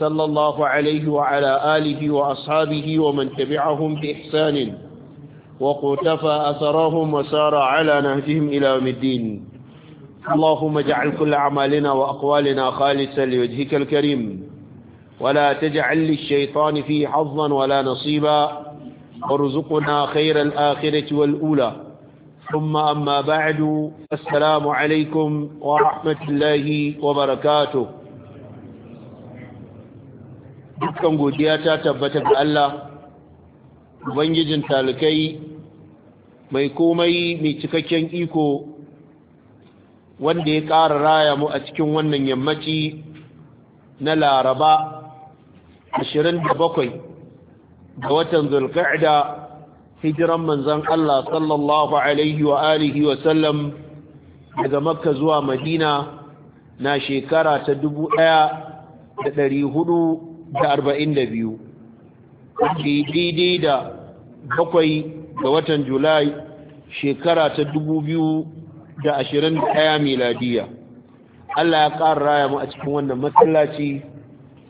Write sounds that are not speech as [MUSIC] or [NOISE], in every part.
صلى الله عليه وعلى آله وأصحابه ومن تبعهم بإحسان وقتفى أثرهم وسار على نهجهم إلى الدين اللهم اجعل كل أعمالنا وأقوالنا خالصا لوجهك الكريم ولا تجعل للشيطان فيه حظا ولا نصيبا وارزقنا خير الآخرة والأولى ثم أما بعد السلام عليكم ورحمة الله وبركاته dukkan godiya ta tabbata ga Allah ubangijin talikai mai komai mai cikakken iko wanda ya ƙara raya mu a cikin wannan yammaci na laraba 27 ga watan zulka'ida hijiran manzan Allah sallallahu alaihi wa alihi wa sallam daga makka zuwa madina na shekara ta dubu ɗaya da ɗari hudu. da arba'in da biyu daidai da bakwai ga watan julai shekara ta dubu biyu da ashirin ɗaya miladiya allah ya ƙara raya mu a cikin wannan matsalaci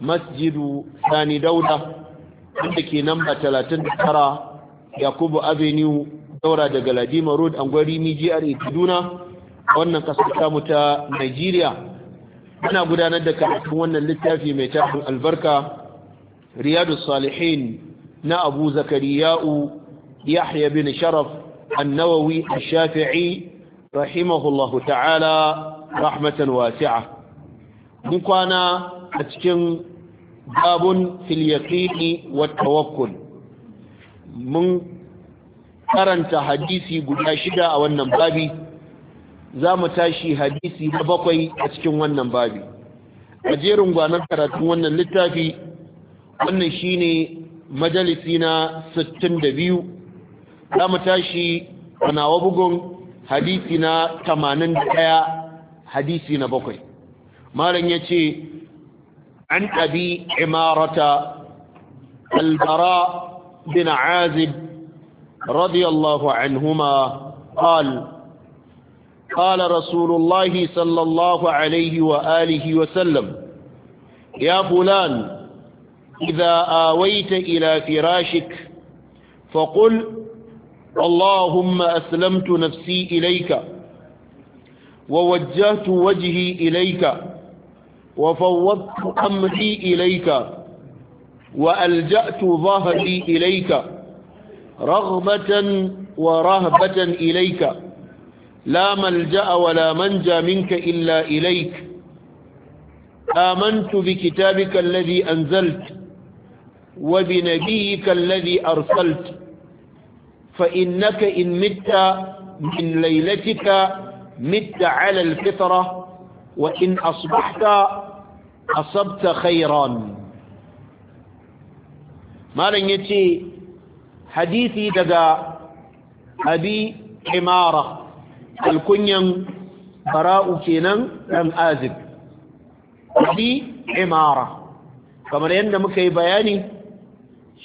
masjidu sani dauda wanda ke ba talatin da tara yakubu avenue daura daga ladima road angwari miji a kaduna wannan kasar tamu ta nigeria ana gudanar da karatun wannan littafi mai tafin albarka riyadu salihin na abu zakariya'u yahya bin sharaf annawawi shafi'i rahimahullahu ta'ala rahmatan wasi'a mun kwana a cikin babun fil yaqini tawakkul mun karanta hadisi guda shida a wannan babi za mu tashi hadisi na bakwai a cikin wannan babi a jerin gwanar karatun wannan littafi wannan shine majalisi na 62 za mu tashi a nawa bugun hadisi na 81 hadisi na bakwai malam ya ce an abi imarata albara bin azib radiyallahu anhuma قال قال رسول الله صلى الله عليه وآله وسلم يا فلان إذا آويت إلى فراشك فقل اللهم أسلمت نفسي إليك ووجهت وجهي إليك وفوضت أمري إليك وألجأت ظهري إليك رغبة ورهبة إليك لا ملجأ ولا منجا منك إلا إليك آمنت بكتابك الذي أنزلت وبنبيك الذي أرسلت فإنك إن مت من ليلتك مت على الفطرة وإن أصبحت أصبت خيرا ما لن يتي حديثي دقاء أبي حمارة alkunyan bara'u kenan ɗan azib bi imara kamar yadda muka yi bayani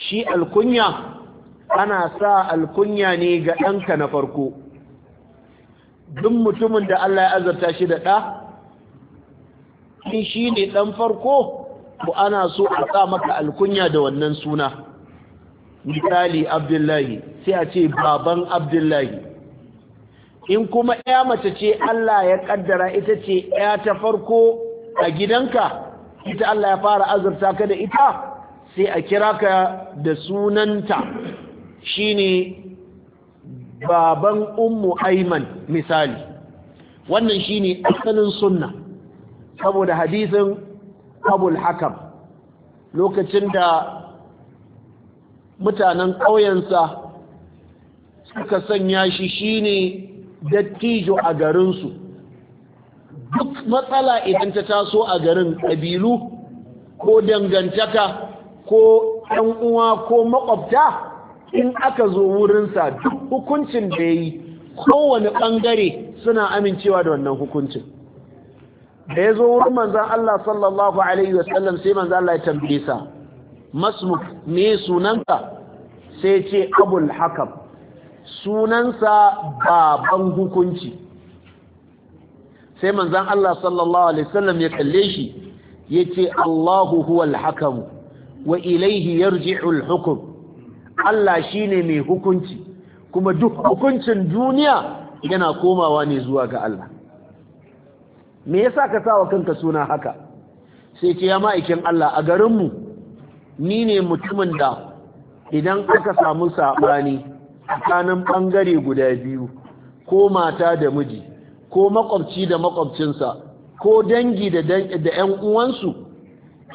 shi alkunya ana sa alkunya ne ga ɗanka na farko duk mutumin da Allah ya azarta shi da ɗa in shi ne ɗan farko ko ana so a sa maka alkunya da wannan suna misali abdullahi sai a ce baban abdullahi in kuma ya mace ce Allah ya ƙaddara ita ce ya ta farko a gidanka ita Allah ya fara azurta ka da ita sai a kira ka da sunanta shine baban ummu aiman misali wannan shine asalin sunna saboda hadisin abul hakam lokacin da mutanen ƙauyensa suka sanya shi shine dattijo a garinsu duk matsala idan ta taso a garin ƙabilu ko dangantaka ko ɗan uwa ko makwabta in aka zo wurinsa duk hukuncin da ya yi kowane ɓangare suna amincewa da wannan hukuncin da ya zo wurin manzan Allah sallallahu Alaihi wasallam sai manzan Allah ya tambaye sa masu me sunanka sai ce abul hakam sunansa baban hukunci sai manzan Allah sallallahu alaihi wasallam ya kalle shi ya ce Allahu huwal hakamu wa ilaihi yarji'u al Allah shine mai hukunci kuma duk hukuncin duniya yana komawa ne zuwa ga Allah me yasa ka sawa kanka suna haka sai ce ya ma'aikin Allah a garinmu ni ne mutumin da idan aka samu saɓani tsakanin ɓangare guda biyu ko mata da miji ko makwabci da makwabcinsa ko dangi da 'yan uwansu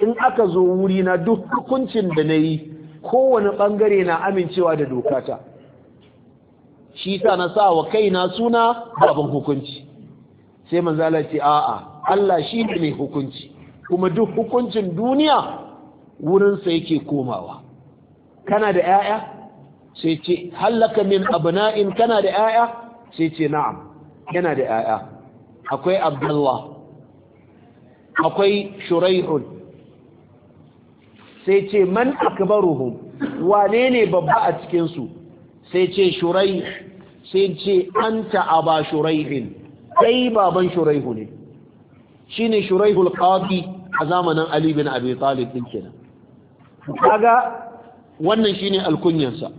in aka zo wuri na duk hukuncin da na yi kowane ɓangare na amincewa da dokata shi ta na sa wa kaina suna babin hukunci sai manzala a'a Allah shi ne hukunci kuma duk hukuncin duniya wurinsa yake komawa kana da 'ya'ya sai ce hallaka min abna'in kana da 'ya'ya sai ce na'am yana da 'ya'ya akwai abdullah akwai shuraihun sai ce man akbaruhum wane ne babba a cikin su sai ce Shurai. sai ce anta aba shuraihin kai baban shuraihu ne shine shuraihul qadi a zamanin ali bin abi talib din kenan kaga wannan shine alkunyansa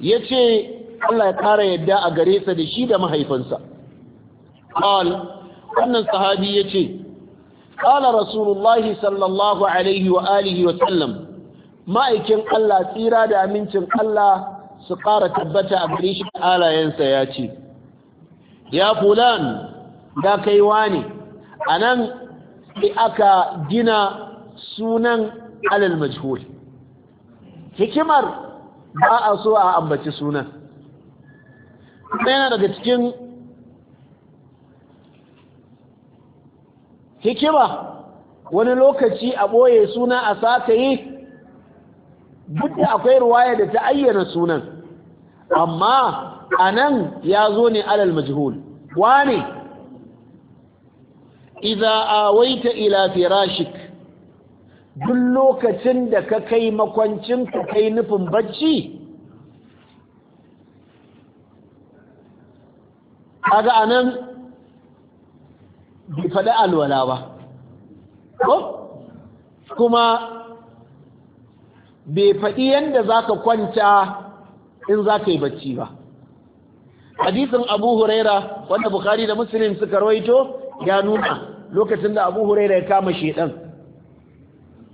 ya ce Allah ya ƙara yadda a gare sa da shi da mahaifinsa qal wannan sahabi ya ce qala rasulullahi sallallahu alaihi wa alihi wa sallam ma'aikin Allah tsira da amincin Allah su ƙara tabbata a gare shi alayensa ya ce ya fulan da kai wani anan nan sai aka gina sunan alal majhul hikimar ba a so a ambaci sunan yana daga cikin hikima wani lokaci a ɓoye suna a sata yi duk akwai ruwaya da ta ayyana sunan amma a nan ya zo ne alal majhul ne? iza waita ila firashik duk lokacin da ka kai makwancin ka kai nufin bacci kaga anan bai faɗi alwala ba kuma bai faɗi yadda za ka kwanta in za ka yi bacci ba hadisin abu huraira wanda Bukhari da musulun suka rawaito ya nuna lokacin da abu huraira ya kama shedan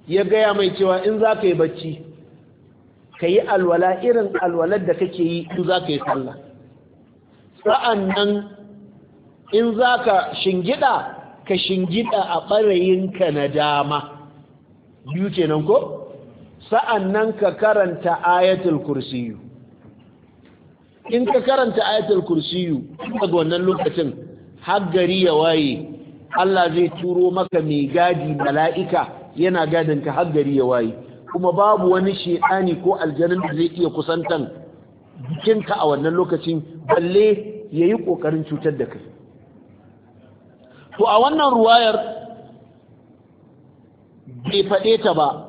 ya gaya mai cewa in za ka yi bacci ka yi alwala irin alwalar da kake yi in za ka yi sallah sa'an in za ka shingida ka shingida a ɓarayinka na dama biyu kenan ko sa'an ka karanta ayatul kursiyu in ka karanta ayatul kursiyu daga wannan lokacin har gari ya waye Allah zai turo maka mai gadi mala'ika yana gadin ka har gari ya waye kuma babu wani shedani ko aljanin da zai iya kusantan jikinka a wannan lokacin balle yayi kokarin cutar da kai to a wannan ruwayar bai faɗe ta ba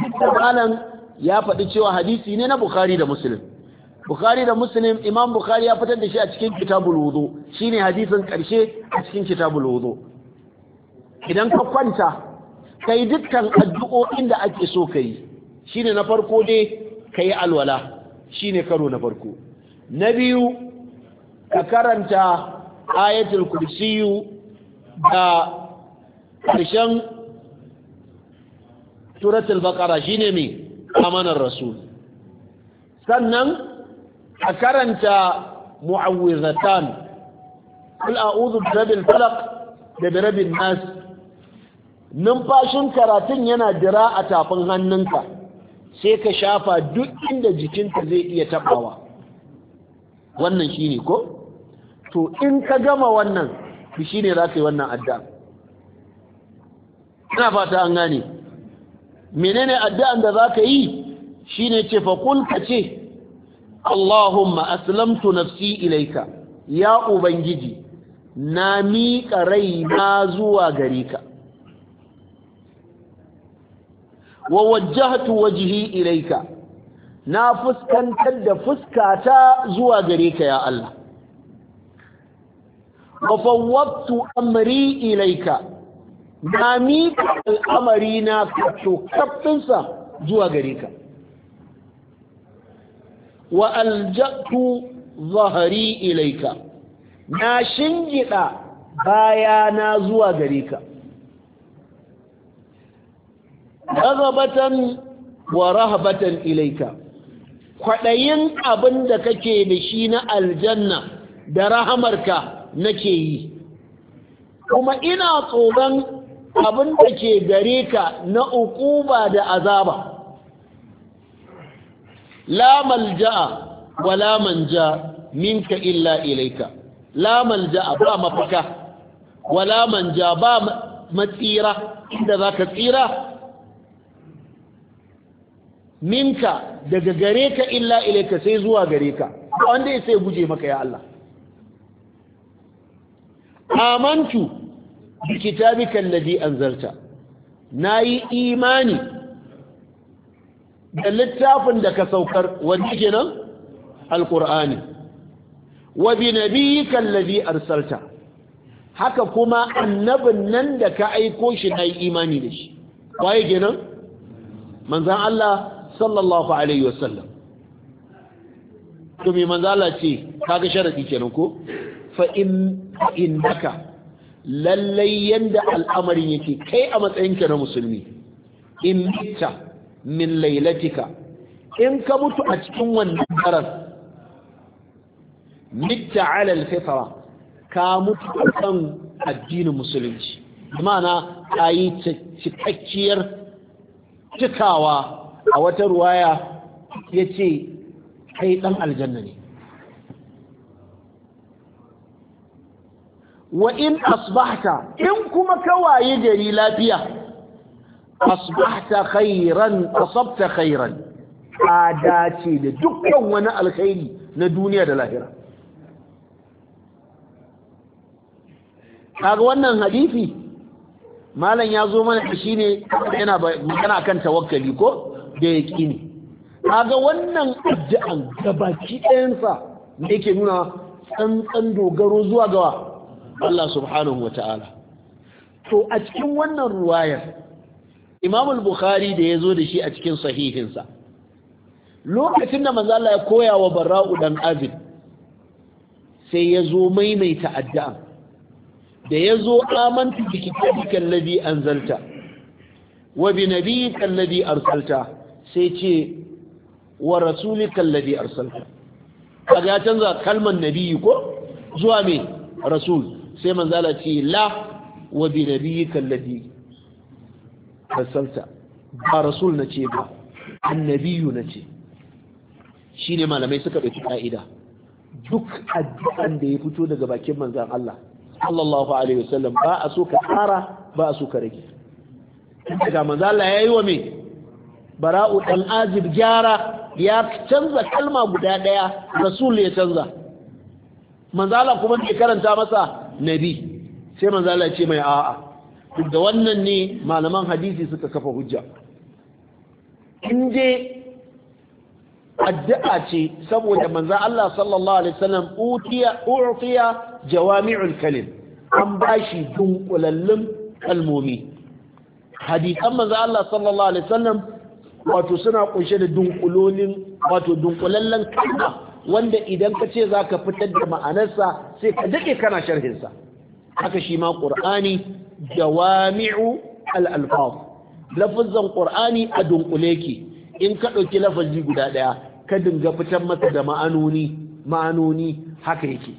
duk malam ya faɗi cewa hadisi ne na bukhari da muslim bukhari da muslim imam bukhari ya fitar da shi a cikin kitabul wudu shine hadisin karshe a cikin kitabul wudu idan ka kwanta kai dukkan addu'o'in da ake so kai shine na farko dai ka yi alwala shine karo na farko na biyu ka karanta ayatul kursiyu da ƙarshen suratul baqara shine mai amanar rasul sannan a karanta mu'awwizatan kul a'udhu birabbil falaq da birabbil nas numfashin karatun yana dira a tafin hannunka sai ka shafa duk inda jikinka zai iya tabawa wannan shine ko to in ka gama wannan shi ne za ka yi wannan adda ina fata an gane menene addu'an da za ka yi shine ce fa ka ce Allahumma aslamtu nafsi ilaika ya ubangiji na miƙa raina zuwa gare ka wa wajjahtu wajhi ilayka na fuskantar da fuskata zuwa gare ka ya Allah wa fawwadtu amri ilayka na miƙa al'amari na kafinsa zuwa gare ka wa alja'tu zahari ilayka na shingida bayana zuwa gare ka ragabatan wa rahabatan ilaika kwaɗayin abin da kake da shi na aljanna da rahamarka nake yi kuma ina tsoron abin da ke gare ka na ukuba da azaba la malja'a wa la manja minka illa ilaika la malja'a ba mafaka wa la manja ba matsira inda za ka tsira minka daga gare ka illa ilaika sai zuwa gare ka wanda ya sai guje maka ya Allah amantu bi kitabika alladhi anzalta nayi imani da littafin da ka saukar wanda kenan alqur'ani wa bi nabiyyika alladhi arsalta haka kuma annabin nan da ka aiko shi nayi imani da shi waye kenan manzon Allah sallallahu alaihi wasallam to me manzo Allah ce kaga sharadi kenan ko fa in innaka lallai yanda al'amarin yake kai a matsayinka na musulmi in mita min lailatika in ka mutu a cikin wannan daren mita ala alfitra ka mutu kan addinin musulunci ma'ana kayi cikakkiyar cikawa a wata ruwaya ya ce kai ɗan aljanna ne wa in asbahta in kuma kawaye gari lafiya asbahta khairan asabta khairan ka dace da dukkan wani alkhairi na duniya da lahira kaga wannan hadisi malam ya zo mana shi ne yana magana kan tawakkali ko da ya ƙi yaqini ga wannan addu'an baki ɗayansa ne yake nuna tsantsan dogaro zuwa gawa? Allah subhanahu wata'ala to a cikin wannan ruwayar Imam al-Bukhari da ya zo da shi a cikin sahihinsa lokacin da mazala ya koya wa Bara'u dan Azib sai ya zo maimaita addu'a da ya zo Amanta bi kitabika alladhi anzalta wa bi nabiyyika alladhi arsalta sai ce wa rasulikan ladi arsalta kaga ya canza kalmar nabiyi ko zuwa mai rasul sai manzala ce la wa bi nabiyikan ladi arsalta ba rasul na ce ba annabiyu na ce shi ne malamai suka ɗauki ƙa'ida duk addu'an da ya fito daga bakin manzan Allah sallallahu alaihi wasallam ba a so ka tsara ba a so ka rage daga manzan Allah ya yi wa mai bara'u dan azib gyara ya canza kalma guda ɗaya rasul ya canza manzala kuma bai karanta masa nabi sai manzala ce mai a'a duk da wannan ne malaman hadisi suka kafa hujja in je addu'a ce saboda manza Allah sallallahu Alaihi wasallam ufiya jawami'ul kalim an bashi dunkulallun kalmomi hadisan manza Allah sallallahu Alaihi wasallam wato suna kunshe da dunkulolin wato dunkulallen kalma wanda idan ka ce za ka fitar da ma'anarsa sai ka daɗe kana sharhinsa haka shi ma ƙur'ani jawami'u al'alfaf lafazan ƙur'ani a dunkule ki in ka ɗauki lafazi guda ɗaya ka dinga fitar masa da ma'anoni ma'anoni haka yake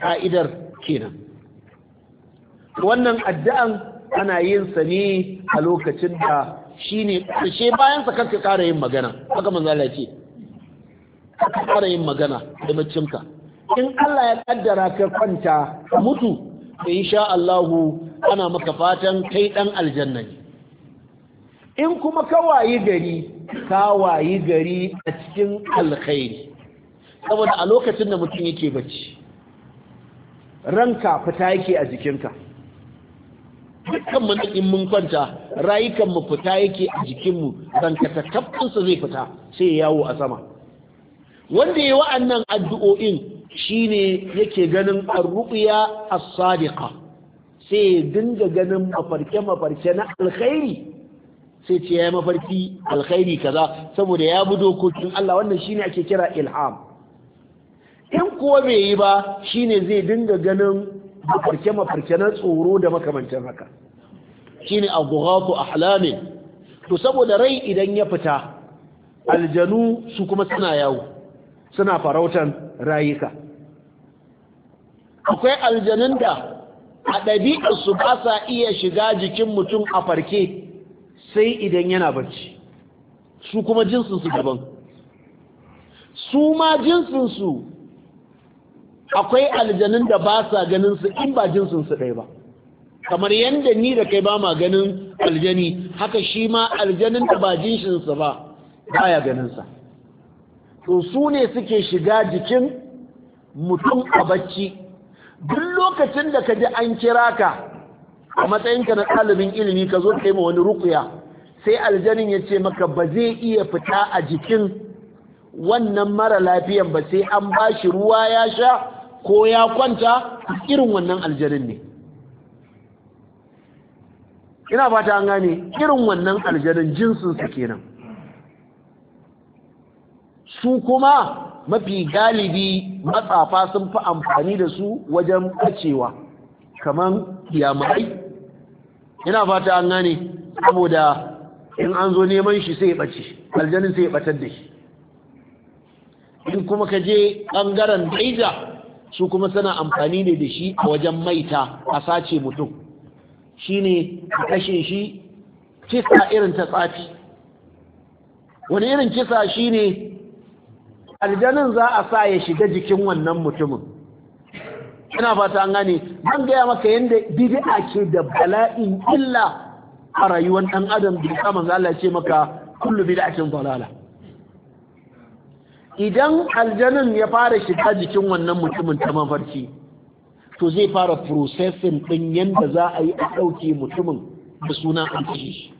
ka'idar kenan wannan addu'an ana yin sa ne a lokacin da shine karshe bayan sa kanka ƙara yin magana haka manzo ce ka ƙara yin magana da macinka in Allah ya kaddara ka kwanta ka mutu insha Allah ana maka fatan kai dan aljanna ne in kuma ka wayi gari ka wayi gari a cikin alkhairi saboda a lokacin da mutum yake bacci ranka fita yake a jikinka dukkan mu in mun kwanta rayukan mu fita yake a jikin mu rankata zai fita sai ya yawo a sama wanda yayi wa'annan addu'o'in shine yake ganin ar-ru'ya as-sadiqa sai dinga ganin mafarke mafarke na alkhairi sai ce ya mafarki alkhairi kaza saboda ya bi dokokin Allah wannan shine ake kira ilham in kuwa bai yi ba shine zai dinga ganin mafarke mafarke na tsoro da makamancin haka shine a ahlamin to saboda rai idan ya fita aljanu su kuma suna yawo suna farautan rayuka akwai aljanun da a ɗabi'arsu ba sa iya shiga jikin mutum a farke sai idan yana barci su kuma jinsinsu daban su ma jinsinsu akwai aljanun da ba sa ganin su in ba sun su ɗaya ba kamar yadda ni da kai ba ma ganin aljani haka shi ma aljanin da ba jinsin sa ba baya ganin sa to su ne suke shiga jikin mutum a bacci duk lokacin da ka ji an kira ka a matsayinka na ɗalibin ilimi ka zo ka yi ma wani rukuya sai aljanin ya ce maka ba zai iya fita a jikin wannan mara lafiyan ba sai an ba shi ruwa ya sha ko ya kwanta irin wannan aljanin ne ina ba ta gane irin wannan aljanin jinsinsa kenan su kuma mafi galibi matsafa sun fi amfani da su wajen bacewa kaman yamai ina fata an gane saboda in an zo neman shi sai bace aljanin sai batar da shi in kuma ka je ɓangaren daija su kuma suna amfani ne da shi a wajen maita a sace mutum shi ne a kashe shi kisa irin ta tsafi wani irin kisa shi ne aljanin za a sa ya shiga jikin wannan mutumin ina fata an gane ban gaya maka yadda bid'a ke da bala'in illa a rayuwar ɗan adam da saman Allah ce maka kullu bid'atin dalala idan aljanun ya fara shiga jikin wannan mutumin ta mafarki to zai fara processing din yadda za a yi a ɗauke mutumin da sunan aljihi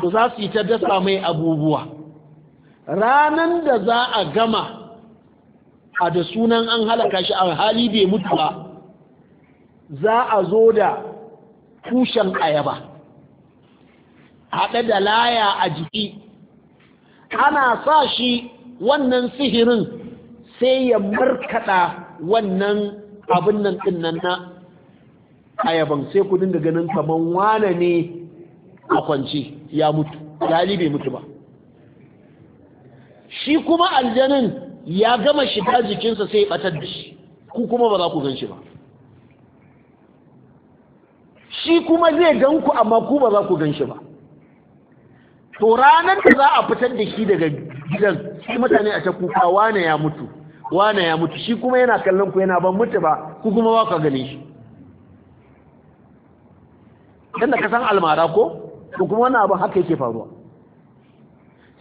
to za su yi ta dasa mai abubuwa ranan da za a gama a da sunan an halaka shi a hali bai mutu ba za a zo da tushen ayaba haɗe da laya a jiki ana sa shi wannan sihirin sai ya markada wannan abin nan din nan na ayaban sai ku dinga ganin kaman wane ne a kwanci ya mutu lali bai mutu ba shi kuma aljanin ya gama shiga jikinsa sai ya batar da shi ku kuma ba za ku gan shi ba shi kuma zai gan ku amma ku ba za ku gan shi ba to ranar da za a fitar da shi daga gidan shi mutane a ta kuka wane ya mutu wane ya mutu shi kuma yana kallon ku yana ban mutu ba ku kuma ba ka gane shi dan da ka san almara ko to kuma wannan abin haka yake faruwa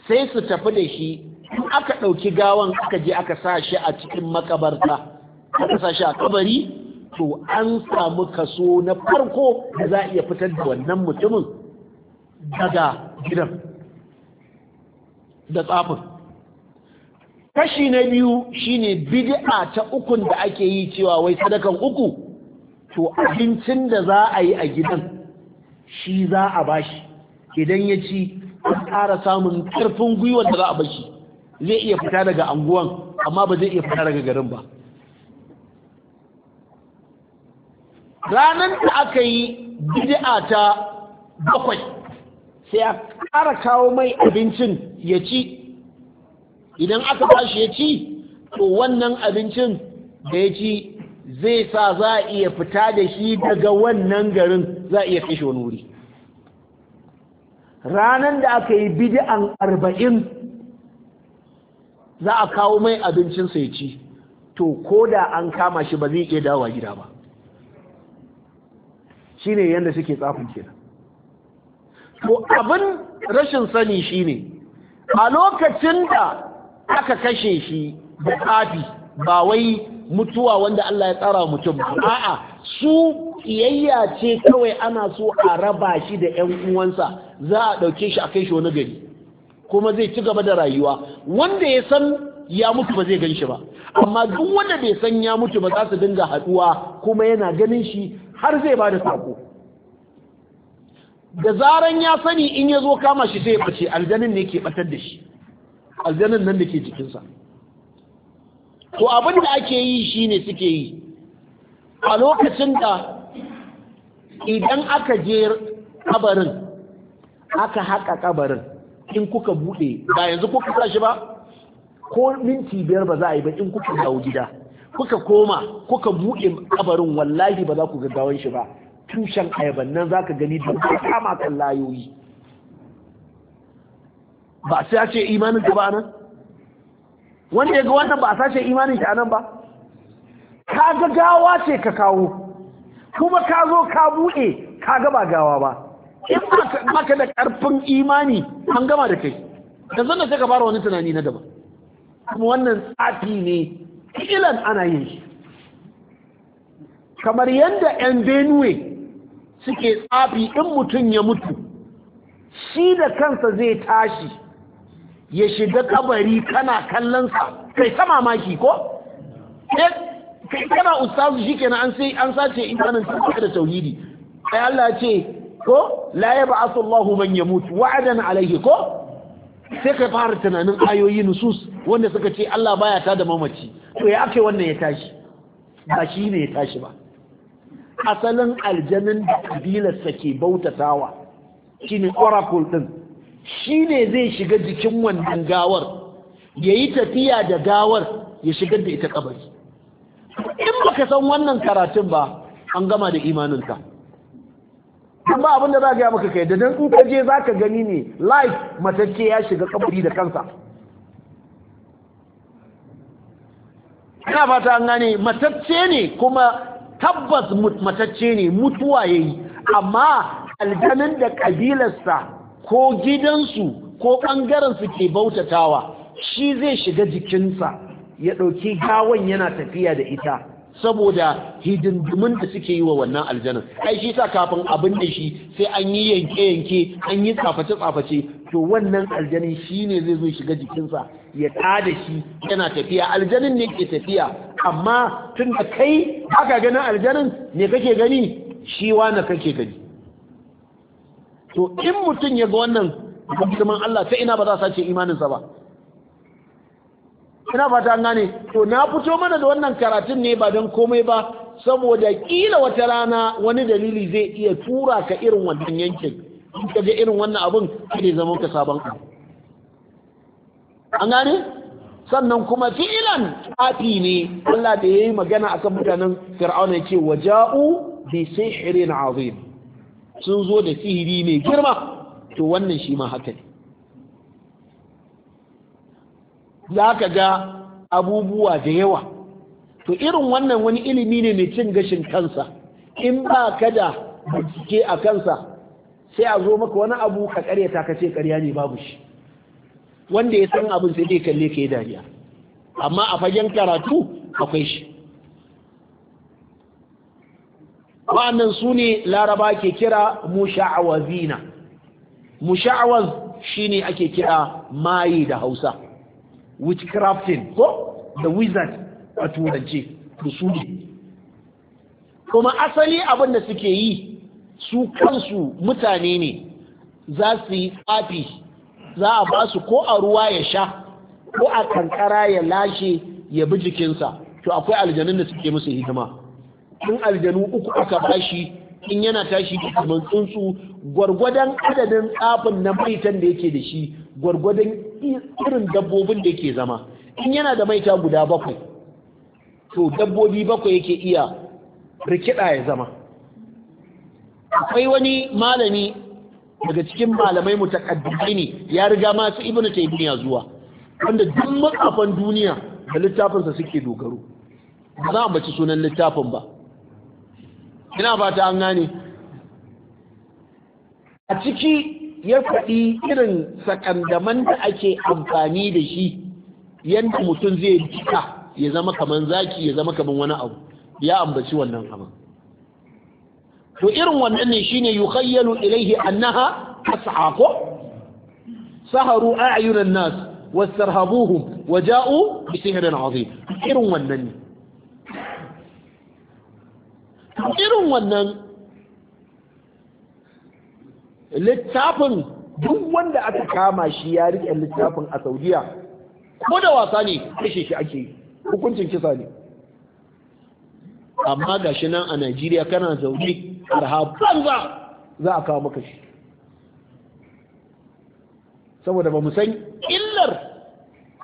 sai su tafi da shi in aka ɗauki gawan aka je aka sa shi a cikin makabarta aka sa shi a kabari to an samu kaso na farko da za a iya fitar da wannan mutumin daga gidan da tsafin kashi na biyu shine bid'a ta ukun da ake yi cewa wai sadakan uku to abincin da za a yi a gidan shi za a bashi idan ya ci an ƙara samun ƙarfin gwiwar da za a bashi zai iya fita daga anguwan amma ba zai iya fita daga garin ba ranar da aka yi bid'a ta bakwai sai a ƙara kawo mai abincin ya ci idan aka bashi ya ci to wannan abincin da ya ci zai sa za a iya fita da shi daga wannan garin za a iya shi wani wuri ranar da aka yi bidi'an arba'in za a kawo mai abincinsa ya ci to ko da an kama shi ba zai iya dawa gida ba shi ne yadda suke tsafin kenan to abin rashin sani shine a lokacin da aka kashe shi da ƙafi ba wai mutuwa wanda Allah ya tsara mutum ba a'a su ƙiyayya ce kawai ana so a raba shi da ƴan uwansa za a ɗauke shi a kai shi wani gari kuma zai ci gaba da rayuwa wanda ya san ya mutu ba zai gan shi ba amma duk wanda bai san ya mutu ba za su dinga haɗuwa kuma yana ganin shi har zai ba da sako da zaran ya sani in ya zo kama shi sai ya bace aljanin ne ke batar da shi aljanin nan da ke jikinsa to abin da ake yi shi ne suke yi a lokacin da idan aka je kabarin aka haka kabarin in kuka buɗe ba yanzu kuka shi ba ko minti biyar ba za a yi ba in kuka dawo gida kuka koma kuka buɗe kabarin wallahi ba za ku gaggawan shi ba tushen ayaban nan za ka gani ka kama kan layoyi ba sai a ce imanin ka ba nan wanda ya ga wannan ba a sace imanin ka nan ba ka ga gawa ce ka kawo kuma ka zo ka buɗe ka ga ba gawa ba in baka da karfin imani an gama da kai da zanna sai ka fara wani tunani na daban kuma wannan tsafi ne ilan ana yin shi kamar yadda 'yan benue suke tsafi in mutum ya mutu shi da kansa zai tashi ya shiga kabari kana kallonsa kai ta mamaki ko? Eh, kai kana ustazu shi kenan an sai an sace imanin tafiya da tauhidi kai Allah ce ko la yab'athu ya man yamut wa'adan alayhi ko sai kai fara tunanin ayoyi nusus wanda suka ce Allah baya ta da mamaci to ya ake wannan ya tashi ba shi ne ya tashi ba asalin aljanin da kabilarsa ke bautatawa ne oracle shi ne zai shiga jikin wannan gawar ya yi tafiya da gawar ya shigar da ita kabari in baka san wannan karatun ba an gama da imaninka don ba abinda za gaya maka kai da don in kaje za ka gani ne life matacce ya shiga kabari da kansa ina fata an gane matacce ne kuma tabbas mutmatacce ne mutuwa yayi amma aljanin da kabilarsa ko gidansu ko ɓangarensu ke bautatawa shi zai shiga jikinsa ya ɗauki gawan yana tafiya da ita saboda hidindumin da suke yi wa wannan aljanin ai shi sa kafin abin da shi sai an yi yanke-yanke an yi tsaface-tsaface to wannan aljanin shi ne zai zo shiga jikinsa ya tada shi yana tafiya aljanin ne ke tafiya amma tun da kai haka ganin aljanin ne kake gani shi wane kake gani to in mutum ya ga wannan girman Allah ta ina ba za sace imaninsa ba ina fata an gane to na fito mana da wannan karatun ne ba don komai ba saboda kila wata rana wani dalili zai iya tura ka irin wannan yankin in ka ga irin wannan abin zai zama ka sabon ka an gane sannan kuma fi'ilan tsafi ne Allah da ya yi magana akan mutanen Fir'auna ce waja'u bi sihrin azim sun zo da sihiri mai girma to wannan shi ma haka ne zaka ga abubuwa da yawa to irin wannan wani ilimi ne mai cin gashin kansa in ba ka da bincike a kansa sai a zo maka wani abu ka karyata ka ce karya ne babu shi wanda ya san abin sai dai kalle ka yi dariya amma a fagen karatu akwai shi wa'annan su ne laraba ke kira musha'awazina musha'awaz shine ake kira maye da hausa witchcrafting ko the wizard a turance da su ne kuma asali abin da suke yi su kansu mutane ne za su yi tsafi za a ba su ko a ruwa ya sha ko a kankara ya lashe ya bi jikinsa to akwai aljanun da suke musu hidima in aljanu uku aka ba shi, in yana tashi da kamar tsuntsu gwargwadon adadin tsafin na maitan da yake da shi gwargwadon irin dabbobin da yake zama in yana da maita guda bakwai to dabbobi bakwai yake iya rikida ya zama akwai wani malami daga cikin malamai mutakaddimai ne ya riga ma su ibnu taymiya zuwa wanda duk makafan duniya da littafinsa suke dogaro ba za a baci sunan littafin ba ina fata an gane a ciki ya faɗi irin sakandaman da ake amfani da shi yadda mutum zai cika ya zama kaman zaki ya zama kaman wani abu ya ambaci wannan abin to irin wannan ne shine yukhayyalu ilayhi annaha as'a ko saharu an nas wastarhabuhum waja'u bi sihrin azim irin wannan ne irin wannan littafin duk wanda aka kama shi ya rike littafin a Saudiya ko da wasa ne kashe shi ake hukuncin kisa ne amma gashi nan a Najeriya kana zaune arha za a kawo maka shi saboda ba san illar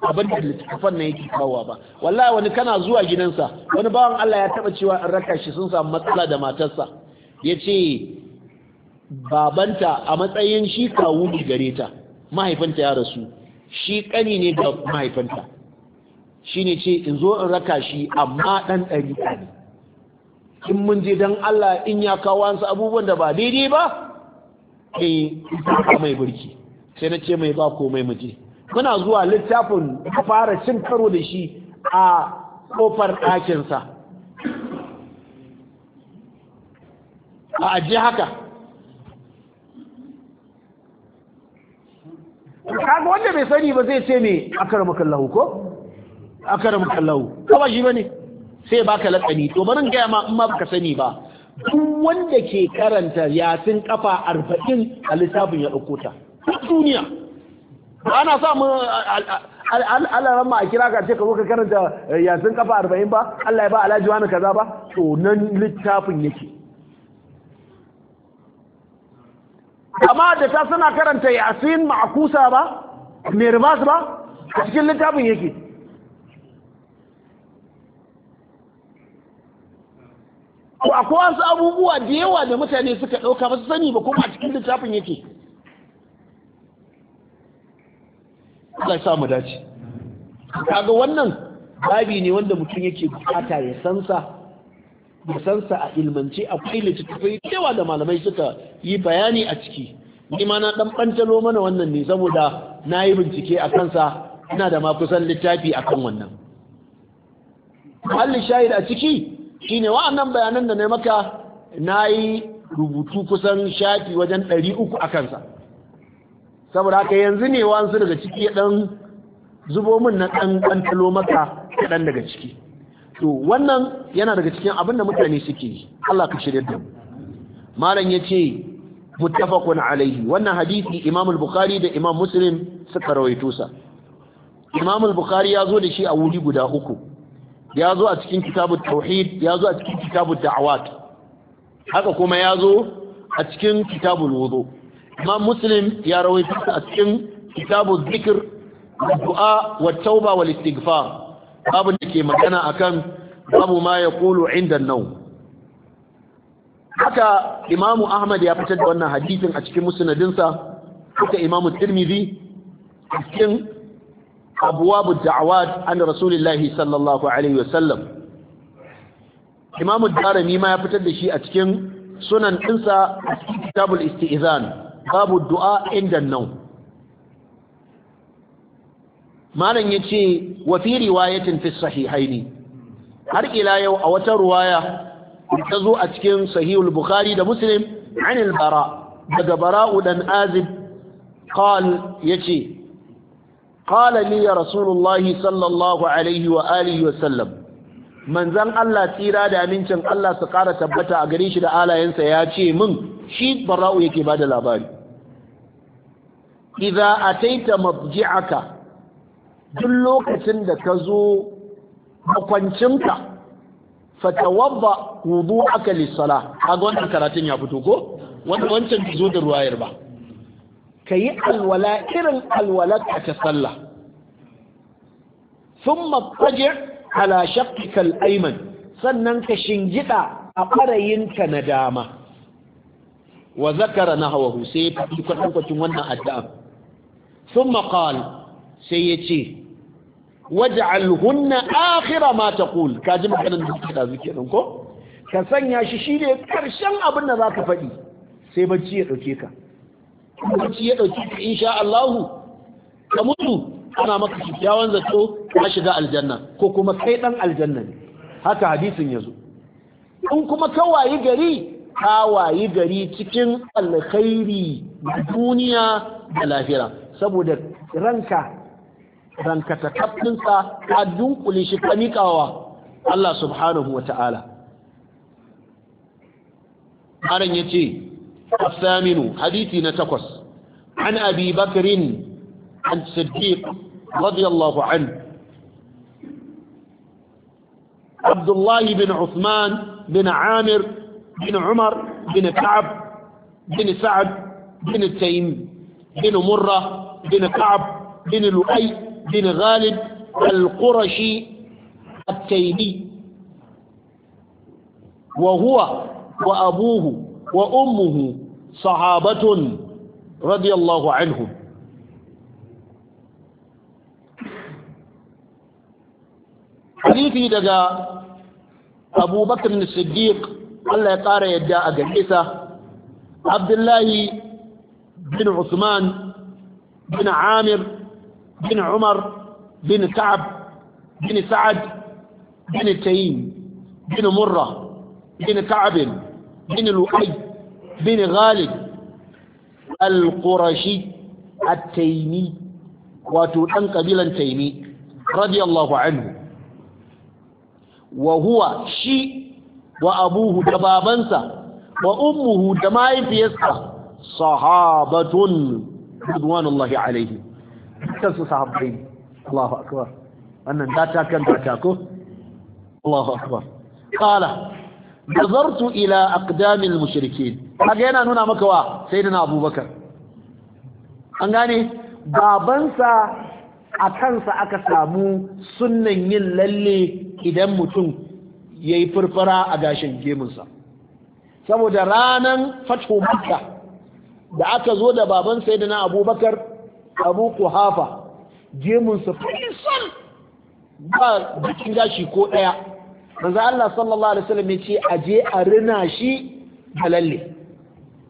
abin da littattafan nan yake kawo ba wallahi wani kana zuwa gidansa wani bawan Allah ya taba cewa in raka shi sun samu matsala da matarsa ya ce babanta a matsayin shi kawu mu gare ta mahaifinta ya rasu shi kani ne ga mahaifinta shi ne ce in zo in raka shi amma ɗan ɗari ɗari in mun je don Allah in ya kawo wasu abubuwan da ba daidai ba eh mai burki sai na ce mai ba komai muje muna zuwa littafin fara cin karo da shi a kofar ɗakinsa a ajiye haka kaga wanda bai sani ba zai ce ne akar makallahu ko akar makallahu kawai shi ba ne sai baka lakani to barin gaya ma in ma baka sani ba duk wanda ke karanta yasin kafa arba'in a littafin ya ɗauko ta duniya ana samun Allah ma a kira ka ce ka zo ka karanta yasin kafa arba'in ba Allah ya ba alhaji wani kaza ba to nan littafin yake amma da ta suna karanta yasin ma'akusa ba mai ba a cikin littafin yake to akwai wasu abubuwa da yawa da mutane suka ɗauka ba su sani ba kuma a cikin littafin yake Allah ya samu dace kaga wannan babi ne wanda mutum yake bukata ya sansa ya sansa a ilmance akwai da yawa da malamai suka yi bayani a ciki ni ma na dan bantalo mana wannan ne saboda na yi bincike a kansa ina da ma kusan littafi akan wannan Allah shahid a ciki Shi ne wa'annan bayanan da na maka na yi rubutu kusan shafi wajen ɗari uku a kansa saboda haka yanzu ne wa'ansu daga ciki ɗan zubo min na ɗan ƙantalo maka kaɗan daga ciki to wannan yana daga cikin abin da mutane suke yi Allah ka shirya da mu malam ya ce muttafaqun alaihi wannan hadisi imam al-bukhari da imam muslim suka rawaito sa imam al-bukhari ya zo da shi a wuri guda uku ya zo a cikin kitabu tauhid ya zo a cikin kitabu da'awat haka kuma ya zo a cikin kitabu wudu imam muslim ya rawaita a cikin kitabu zikir du'a wa tauba wal istighfar babu da ke magana akan babu ma ya kulu inda nau. haka Imam ahmad ya fitar da wannan hadisin a cikin musnadinsa haka Imam tirmidhi cikin أبواب الدعوات عن رسول الله صلى الله عليه وسلم إمام الدارمي ما يفتد شيء أتكن سنن إنسى كتاب الاستئذان باب الدعاء عند النوم ما لن يتشي وفي رواية في الصحيحين har ila yau a wata ruwaya ta zo a cikin sahihul bukhari da muslim an bara daga bara'u dan azib qal yace qala li rasulullahi sallallahu alaihi wa alihi wa sallam manzon Allah tsira da amincin Allah su kara tabbata a garin shi da alayensa ya ce min shi bara'u yake bada labari idza ataita mabji'aka duk lokacin da ka zo makwancinka fatawabba wudu'aka lis-salah kaga wannan karatun ya fito ko wannan wancan zo da ruwayar ba ka yi alwala irin alwalar ka ta sallah sun mafajir ala shakikal aiman sannan ka shingida a ɓarayinka na dama wa zakara na hawa sai ya faɗi kwatankwacin wannan addu'a sun maƙal sai ya ce waje alhunna akira ma ta kul ka ji maganin da suka ɗazu kenan ko ka sanya shi shi ne ƙarshen abin da za ka faɗi sai bacci ya ɗauke ka bacci ya ɗauki ka insha allahu ka mutu ana maka kyakkyawan zato ka shiga aljanna ko kuma kai ɗan aljanna ne haka hadisin yazo in kuma ka kawayi gari ka wayi gari cikin alkhairi na duniya da lahira saboda ranka ranka ta kafinsa ka dunkule shi ka miƙawa Allah subhanahu wa ta'ala. Haran ya ce, الثامن حديثي نتقص عن أبي بكر عن صديق رضي الله عنه عبد الله بن عثمان بن عامر بن عمر بن كعب بن سعد بن التيم بن مرة بن كعب بن لؤي بن غالب القرشي التيمي وهو وأبوه وأمه صحابة رضي الله عنهم حديثي دقاء أبو بكر الصديق الله يقار يداء جلسة عبد الله بن عثمان بن عامر بن عمر بن كعب بن سعد بن تيم بن مرة بن كعب بن لؤي bin ghalib al-qurashi at-taymi wato dan kabilan taymi radiyallahu anhu wa shi wa abuhu da babansa wa umuhu da mahaifiyarsa sahabatun ridwanullahi nazartu ila aqdamil mushrikin Haga yana nuna maka wa sayyidina abubakar an gane babansa a kansa aka samu sunnan yin lalle idan mutum yayi furfura a gashin gemunsa saboda ranan fathu makka da aka zo da baban sayyidina abubakar abu kuhafa gemunsa fisan ba jikin gashi ko ɗaya. manzo Allah sallallahu alaihi wasallam yace aje a rina shi da lalle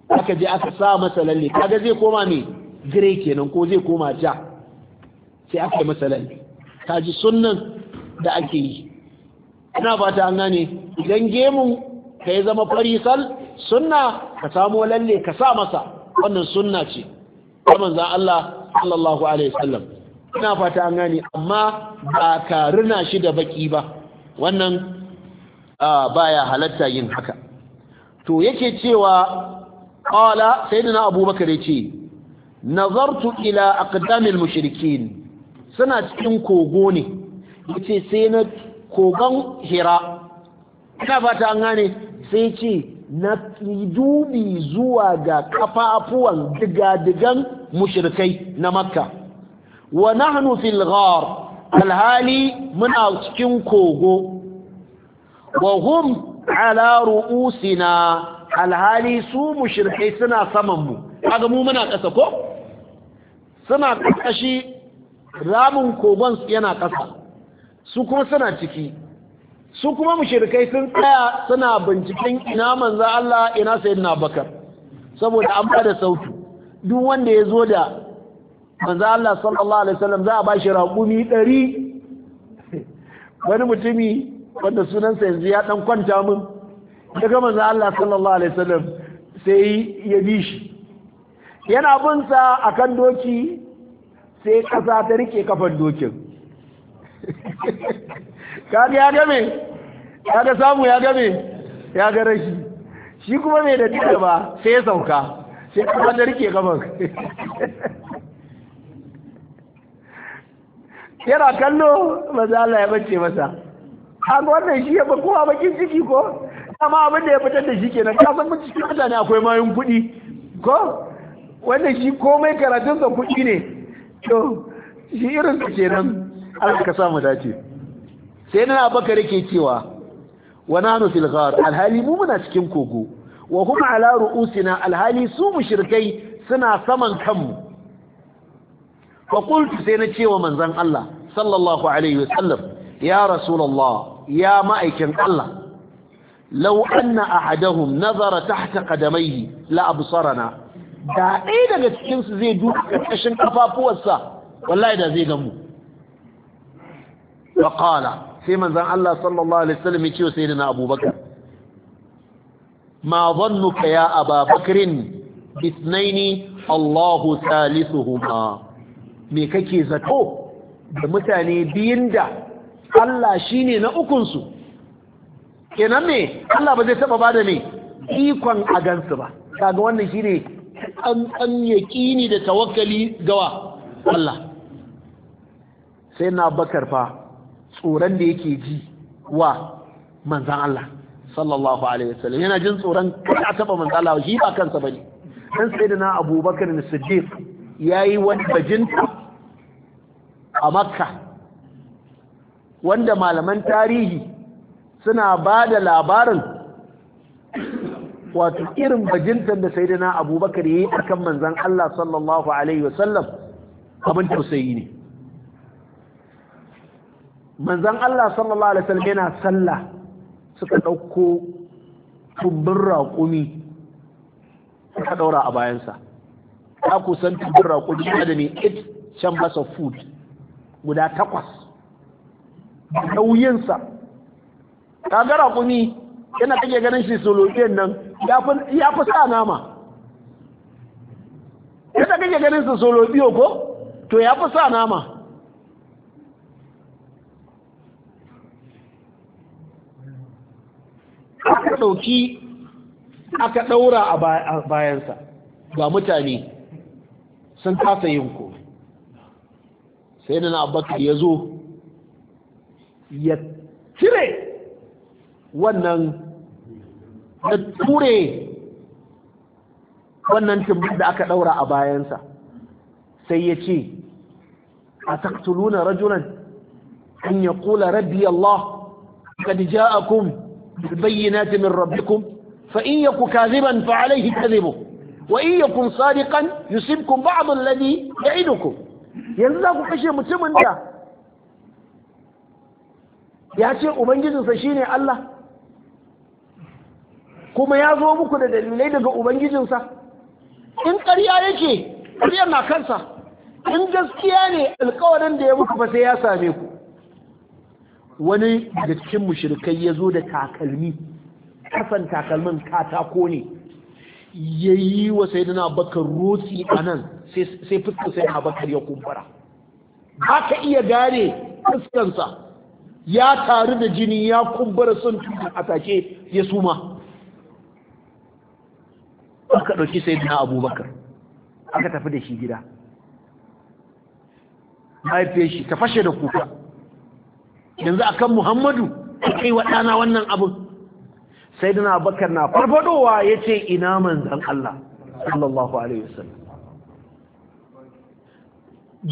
aka je aka sa masa lalle kaga zai koma me gire kenan ko zai koma ja sai aka yi masa lalle kaji sunnan da ake yi ina fata an gane idan gemun ka yi zama farisal sunna ka samo lalle ka sa masa wannan sunna ce ta manzan Allah sallallahu alaihi wasallam ina fata an gane amma ba ka rina shi da baki ba wannan baya halatta yin haka to yake cewa qala sayyidina abubakar yace nazartu ila aqdamil mushrikin suna cikin kogo ne yace sai na kogon hira ina fata an gane sai ce na dubi zuwa ga kafafuwan digadigan mushrikai na makka wa nahnu fil ghar alhali muna cikin kogo wa hum ala ru'usina alhali su mushrikai suna saman mu kaga mu muna ƙasa ko suna ƙarƙashi ramin kogon yana ƙasa su kuma suna ciki su kuma mushrikai sun tsaya suna binciken ina manzo Allah ina sayyidina Bakar saboda an bada sautu duk wanda ya zo da manzo Allah sallallahu alaihi wasallam za a bashi raƙumi ɗari wani mutumi wanda sunansa yanzu ya dan kwanta min daga manzon Allah sallallahu alaihi wasallam sai ya bi shi yana bin sa akan doki sai kasa ta rike kafan dokin [LAUGHS] kaga ya game ga samu ya game ya ga rashi shi kuma mai da duka ba sai ya sauka sai kuma ta rike gaban [LAUGHS] yana kallo maza Allah ya bace masa an wannan shi ya a bakin ciki ko amma abin da ya fitar da shi kenan ka san mun cikin mutane akwai mayun kuɗi ko wannan shi komai karatun sa kuɗi ne to shi irin su kenan Allah ka samu dace sai na abakar yake cewa wa nanu fil ghar alhali mu muna cikin kogo wa hum ala ru'usina alhali su mushrikai suna saman kanmu fa qultu sai na cewa manzon Allah sallallahu alaihi wasallam ya rasulallah ya ma'aikin Allah law anna ahadahum nazara tahta qadamayhi la absarana da ɗaya daga cikin su zai duka ƙarƙashin kafafuwarsa wallahi da zai gamu wa qala sai manzon Allah sallallahu alaihi wasallam ya ce sayyidina Abubakar ma dhannuka ya Ababakr bisnaini Allahu salisuhuma me kake zato da mutane biyun da Allah shi ne na ukunsu kenan ne Allah ba zai taba bada ne ikon a gansu ba kaga wannan ne an ne da tawakali gawa Allah sai na bakar fa tsoron da yake ji wa manzan Allah sallallahu alaihi wasallam yana jin tsoron kai a taba manzan Allah shi ba kansa ba ne. dan na Abubakar ne Siddiq yi wani bajinta a Makka wanda malaman tarihi suna ba da labarin wato irin bajintar da sai dana abubakar ya yi a kan manzan Allah sallallahu Alaihi wasallam abin tausayi ne manzan Allah sallallahu Alaihi wasallam yana sallah suka ɗauko tubbin raƙumi suka ɗaura a bayansa ya kusan tubbin raƙumi da ne 8 chambers of food guda takwas nauyinsa gara kuni yana kake ganin shi solofiyan nan ya fi sa nama yadda kake ganin su solofiyo ko to ya fi sa nama aka ɗauki aka ɗaura a bayansa ga mutane sun kasa yin ko sai da na abakar ya zo ya cire wannan ya ture wannan tumbin da aka daura a bayansa sai ya ce a taktuluna rajulan an ya kula rabbi Allah kun bayyana timin rabbi kun. fa in yaku kaziban fa alayhi kadhibu wa in kun sadiqan yusibkum ya alladhi ya'idukum yanzu za ku kashe mutumin da ya ce ubangijinsa shine Allah kuma ya zo muku da dalilai daga ubangijinsa in ƙarya yake ƙaryar na kansa in gaskiya ne alkawarin da ya muku ba sai ya same ku wani da cikin mushrikai ya zo da takalmi kasan takalmin katako ne ya yi wa sai dana bakar rotsi a nan sai fuska sai na bakar ya kumbura ba ka iya gane fuskansa ya taru da jini ya kumbura sun tudu a take ya suma aka ɗauki sai na abubakar aka tafi da shi gida haife shi ta fashe da kuka yanzu a kan muhammadu kai wa ɗana wannan abin sai da abubakar na farfadowa ya ce ina manzan Allah sallallahu alaihi wasallam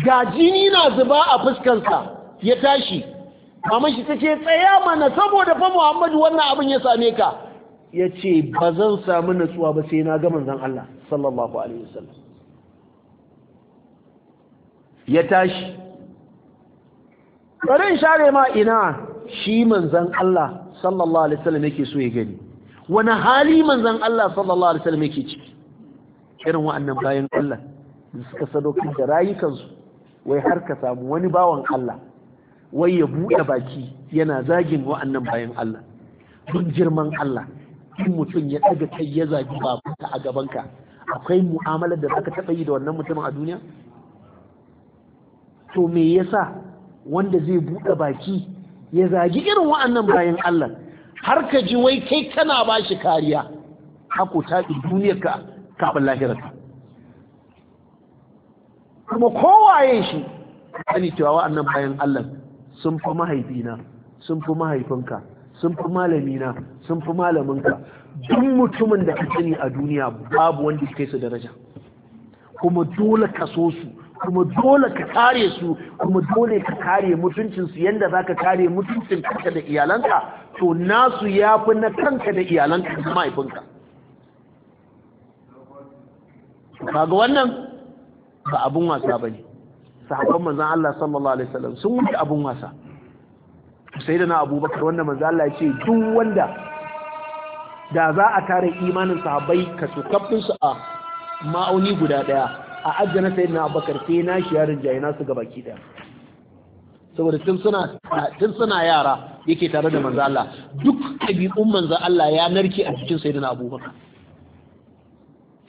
ga jini na zuba a fuskansa ya tashi maman shi ta ce tsaya mana saboda fa muhammadu wannan abin ya same ka ya ce ba zan samu natsuwa ba sai na ga manzan Allah sallallahu alaihi wasallam ya tashi bari in share ma ina shi manzan Allah sallallahu alaihi wasallam yake so ya gani wani hali manzan Allah sallallahu alaihi wasallam yake ciki irin wa'annan bayan Allah da suka sadaukar da rayukansu wai har ka samu wani bawan Allah wai ya buɗe baki yana zagin wa'annan bayan Allah don girman Allah in mutum ya ɗaga kai ya zagi babanka a gabanka akwai mu'amalar da zaka taɓa yi da wannan mutumin a duniya to me yasa wanda zai buɗe baki ya zagi irin wa'annan bayan Allah har ka ji wai kai kana ba shi kariya hako ta duniyarka kafin lahirarka kuma kowaye shi sani cewa wa'annan bayan Allah sun fi mahaifina sun fi mahaifinka sun fi malamina sun fi malaminka duk mutumin da ka gani a duniya babu wanda ya kai su daraja kuma dole ka so su kuma dole ka kare su kuma dole ka kare mutuncinsu yadda za ka kare mutuncin kanka da iyalanka to nasu ya fi na kanka da iyalanka da mahaifinka kaga wannan ba abin wasa ba ne sahabban manzon Allah sallallahu alaihi wasallam sun wuce abun wasa sai abubakar wanda manzo Allah ya ce duk wanda da za a tare imanin sahabbai ka tsokafin su a ma'auni guda daya a ajjana sai na abubakar sai na shi yarin jayi nasu gaba baki saboda tun suna tun suna yara yake tare da manzo Allah duk ɗabi'un manzo Allah ya narke a cikin sayyidina abubakar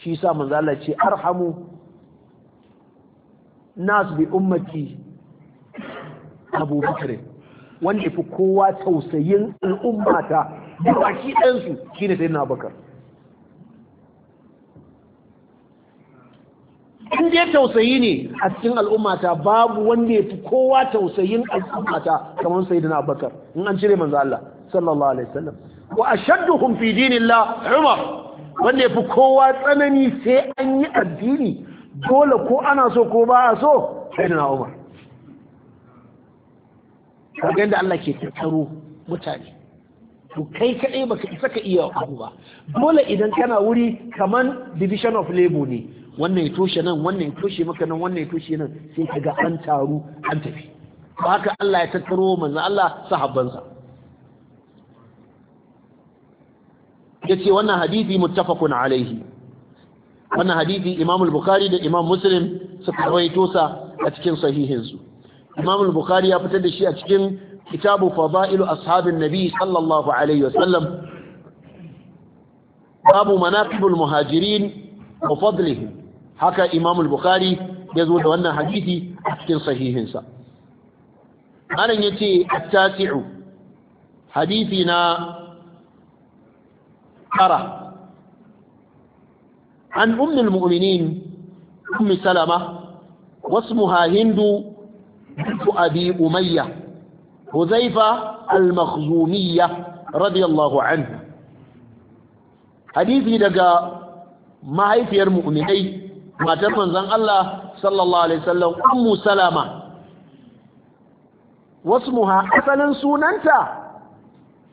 shi yasa manzo Allah ce arhamu nas bi ummati Abubakar wanda fi kowa tausayin al'ummata da baki ɗan su shine sayyidina Abu Bakr in dai tausayi ne a cikin al'ummata babu wanda fi kowa tausayin al'ummata kamar sayyidina na Abubakar? in an cire manzo Allah sallallahu alaihi wasallam wa ashadduhum fi dinillah Umar wanda fi kowa tsanani sai an yi addini dole ko ana so ko ba a so sai da umar kaga yadda Allah ke tattaro mutane to kai kaɗai baka isa ka iya abu ba dole idan kana wuri kaman division of labor ne wannan ya toshe nan wannan ya toshe maka nan wannan ya toshe nan sai ka ga an taru an tafi Ba haka Allah ya tattaro manzo Allah sahabbansa yace wannan hadisi muttafaqun alaihi wannan hadisi imam al-bukhari da imam muslim suka rawaito sa a cikin sahihinsu imam al-bukhari ya fitar da shi a cikin kitabu fadailu ashabin nabi sallallahu alaihi wasallam babu manaqibul muhajirin wa fadlihim haka imam al-bukhari ya zo da wannan hadithi a cikin sahihinsa anan yace at-tasi'u hadisi na tara an ummul mu'minin ummi salama واسمها هند أبي أمية حذيفة المخزومية رضي الله عنه حديثي دقاء ما هي في المؤمنين ما تفن زن الله صلى الله عليه وسلم أم سلامة واسمها أصلا سننتا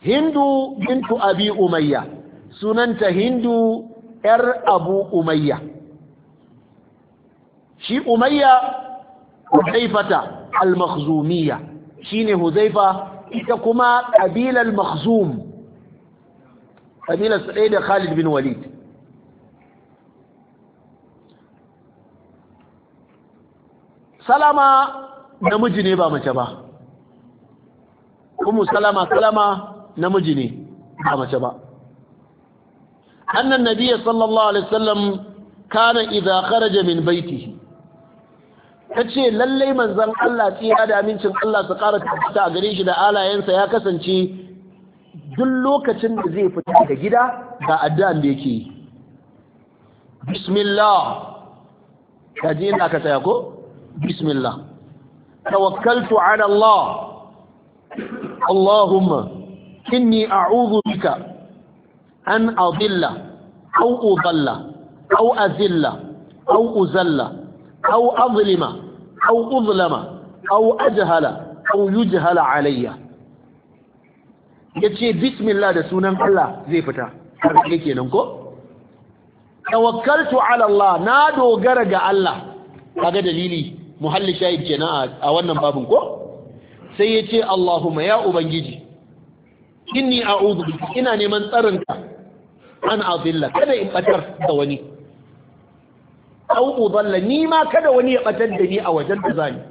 هند بنت أبي أمية سننت هند ‘yar abu umayya shi umayya huzaifata al-makhzumiyya shi ne huzaifa ita kuma ƙabilar makhzum ƙabilar su ɗaya da khalid bin walid salama namiji ne ba mace ba umu salama salama namiji ne ba mace ba أن النبي صلى الله عليه وسلم كان إذا خرج من بيته kace lallai manzon Allah tsira da amincin Allah su ƙara tabbata a gare shi da alayensa ya kasance duk lokacin da zai fita daga gida ga addu'an da yake bismillah kaji ina ka tsaya ko bismillah tawakkaltu ala Allah Allahumma inni a'udhu bika an adilla au udalla au azilla au uzalla au azlima au uzlama au ajhala au yujhala alayya yace bismillah da sunan Allah zai fita karke kenan ko tawakkaltu ala Allah na dogara ga Allah kaga dalili muhalli shahid kenan a wannan babin ko sai yace Allahumma ya ubangiji inni a'udhu bika ina neman tsarinka an azilla kada in batar da wani au udalla ni ma kada wani ya batar da ni a wajen da zani